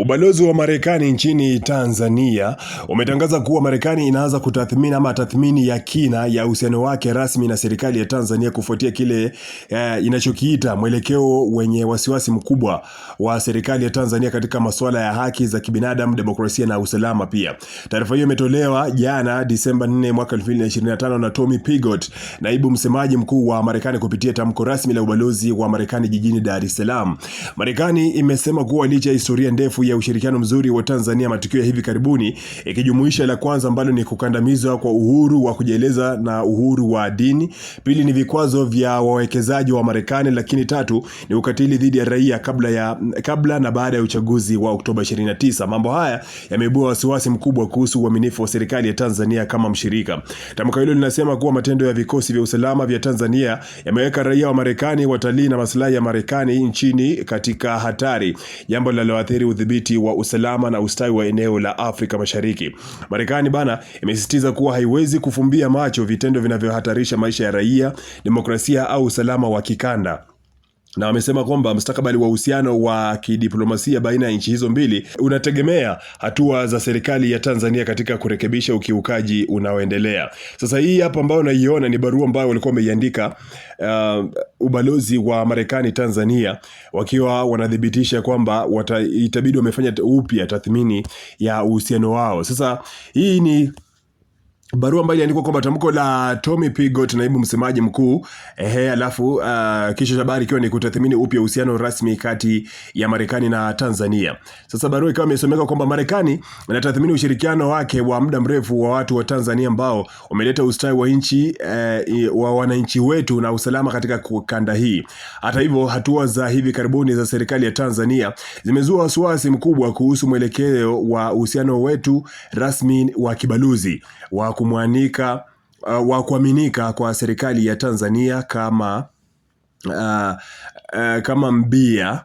Ubalozi wa Marekani nchini Tanzania umetangaza kuwa Marekani inaanza kutathmini ama tathmini ya kina ya uhusiano wake rasmi na serikali ya Tanzania kufuatia kile eh, inachokiita mwelekeo wenye wasiwasi mkubwa wa serikali ya Tanzania katika masuala ya haki za kibinadamu, demokrasia na usalama. Pia taarifa hiyo imetolewa jana Disemba 4 mwaka 2025 na Tommy Pigott, naibu msemaji mkuu wa Marekani, kupitia tamko rasmi la ubalozi wa Marekani jijini Dar es Salaam. Marekani imesema kuwa licha ya historia ndefu ya ushirikiano mzuri wa Tanzania matukio ya hivi karibuni ikijumuisha la kwanza ambalo ni kukandamizwa kwa uhuru wa kujieleza na uhuru wa dini, pili ni vikwazo vya wawekezaji wa Marekani, lakini tatu ni ukatili dhidi ya raia kabla ya kabla na baada ya uchaguzi wa Oktoba 29. Mambo haya yameibua wasiwasi mkubwa kuhusu uaminifu wa serikali ya Tanzania kama mshirika. Tamko hilo linasema kuwa matendo ya vikosi vya usalama vya Tanzania yameweka raia wa Marekani, watalii na maslahi ya Marekani nchini katika hatari, jambo linaloathiri udhibiti utafiti wa usalama na ustawi wa eneo la Afrika Mashariki. Marekani bana imesisitiza kuwa haiwezi kufumbia macho vitendo vinavyohatarisha maisha ya raia, demokrasia au usalama wa kikanda na amesema kwamba mstakabali wa uhusiano wa kidiplomasia baina ya nchi hizo mbili unategemea hatua za serikali ya Tanzania katika kurekebisha ukiukaji unaoendelea. Sasa hii hapa ambayo unaiona ni barua ambayo walikuwa wameiandika uh, ubalozi wa Marekani Tanzania, wakiwa wanathibitisha kwamba itabidi wamefanya upya tathmini ya uhusiano wao. Sasa hii ni barua ambayo iliandikwa kwamba tamko la Tommy Pigot, naibu msemaji mkuu ehe, alafu uh, kisha cha habari ikiwa ni kutathmini upya uhusiano rasmi kati ya Marekani na Tanzania. Sasa barua ikawa imesomeka kwamba Marekani inatathmini ushirikiano wake wa muda mrefu wa watu wa Tanzania ambao umeleta ustawi wa nchi eh, wa wananchi wetu na usalama katika kanda hii. Hata hivyo, hatua za hivi karibuni za serikali ya Tanzania zimezua wasiwasi mkubwa kuhusu mwelekeo wa uhusiano wetu rasmi wa kibaluzi wa kumwanika uh, wa kuaminika kwa serikali ya Tanzania kama Uh, uh, kama mbia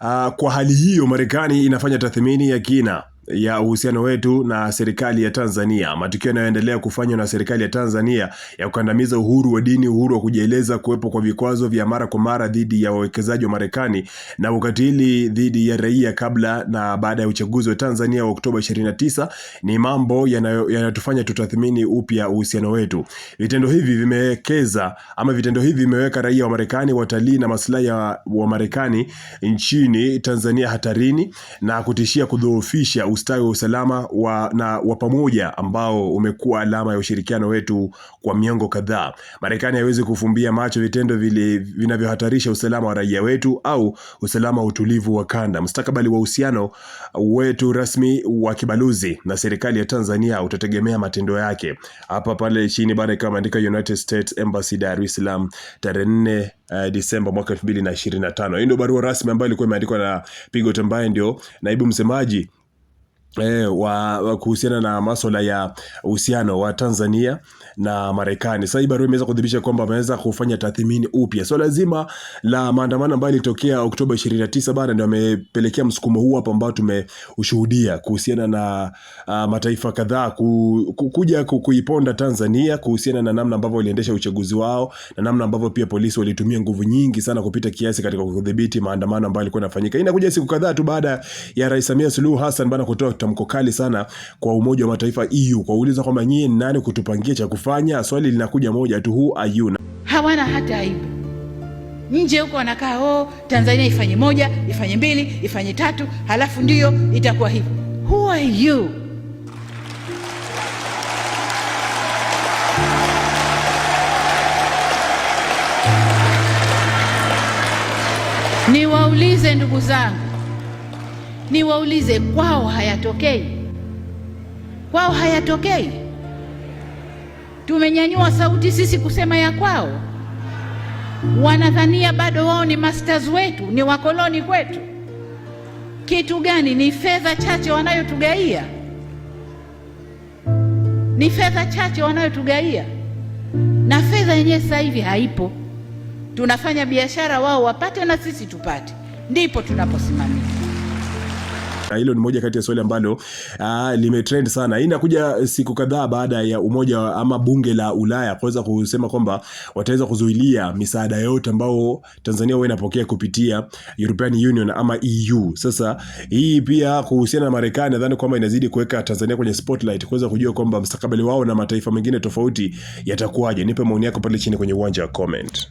uh, kwa hali hiyo Marekani inafanya tathmini ya kina ya uhusiano wetu na serikali ya Tanzania, matukio yanayoendelea kufanywa na serikali ya Tanzania ya kukandamiza uhuru wa dini, uhuru wa kujieleza, kuwepo kwa vikwazo vya mara kwa mara dhidi ya wawekezaji wa Marekani na ukatili dhidi ya raia kabla na baada ya uchaguzi wa Tanzania wa Oktoba 29 ni mambo yanayotufanya tutathmini upya uhusiano wetu. Vitendo hivi vimewekeza ama vitendo hivi vimeweka raia wa Marekani, watalii na maslahi ya Marekani nchini Tanzania hatarini na kutishia kudhoofisha ustawi wa usalama wa, na wa pamoja ambao umekuwa alama ya ushirikiano wetu kwa miongo kadhaa. Marekani haiwezi kufumbia macho vitendo vile vinavyohatarisha usalama wa raia wetu au usalama wa utulivu wa kanda. Mustakabali wa uhusiano wetu rasmi wa kibaluzi na serikali ya Tanzania utategemea matendo yake. Hapa pale chini bana kama andika United States Embassy Dar es Salaam tarehe 4 uh, eh, Disemba mwaka 2025. Hii ndio barua rasmi ambayo ilikuwa imeandikwa na Pigo Tambaye, ndio naibu msemaji E, wa, wa kuhusiana na masuala ya uhusiano wa Tanzania na Marekani. Sasa hii barua imeweza kudhibitisha kwamba ameweza kufanya tathmini upya swala so, zima la maandamano ambayo ilitokea Oktoba 29 bana ndio amepelekea msukumo huu hapa ambao tumeushuhudia kuhusiana na uh, mataifa kadhaa ku, ku, kuja ku, kuiponda Tanzania kuhusiana na namna ambavyo waliendesha uchaguzi wao na namna ambavyo pia polisi walitumia nguvu nyingi sana kupita kiasi katika kudhibiti maandamano ambayo yalikuwa yanafanyika. Inakuja siku kadhaa tu baada ya Rais Samia Suluhu Hassan bana kutoa tamko kali sana kwa Umoja wa Mataifa EU kwa kuuliza kwamba nyie ni nani kutupangia cha kufanya. Swali linakuja moja tu, who are you? Hawana hata aibu. Nje huko wanakaa oh, Tanzania ifanye moja, ifanye mbili, ifanye tatu, halafu ndiyo itakuwa hivyo. Who are you? Niwaulize ndugu zangu niwaulize, kwao hayatokei? Kwao hayatokei? Tumenyanyua sauti sisi kusema ya kwao, wanadhania bado wao ni masters wetu, ni wakoloni kwetu. Kitu gani? Ni fedha chache wanayotugaia, ni fedha chache wanayotugaia, na fedha yenyewe sasa hivi haipo. Tunafanya biashara, wao wapate na sisi tupate, ndipo tunaposimamia. Hilo ni moja kati ya swali ambalo ah, limetrend sana. Hii inakuja siku kadhaa baada ya umoja ama bunge la Ulaya kuweza kusema kwamba wataweza kuzuilia misaada yote ambao Tanzania huwa inapokea kupitia European Union ama EU. Sasa hii pia kuhusiana na Marekani, nadhani kwamba inazidi kuweka Tanzania kwenye spotlight kuweza kujua kwamba mstakabali wao na mataifa mengine tofauti yatakuwaje. Nipe maoni yako pale chini kwenye uwanja wa comment.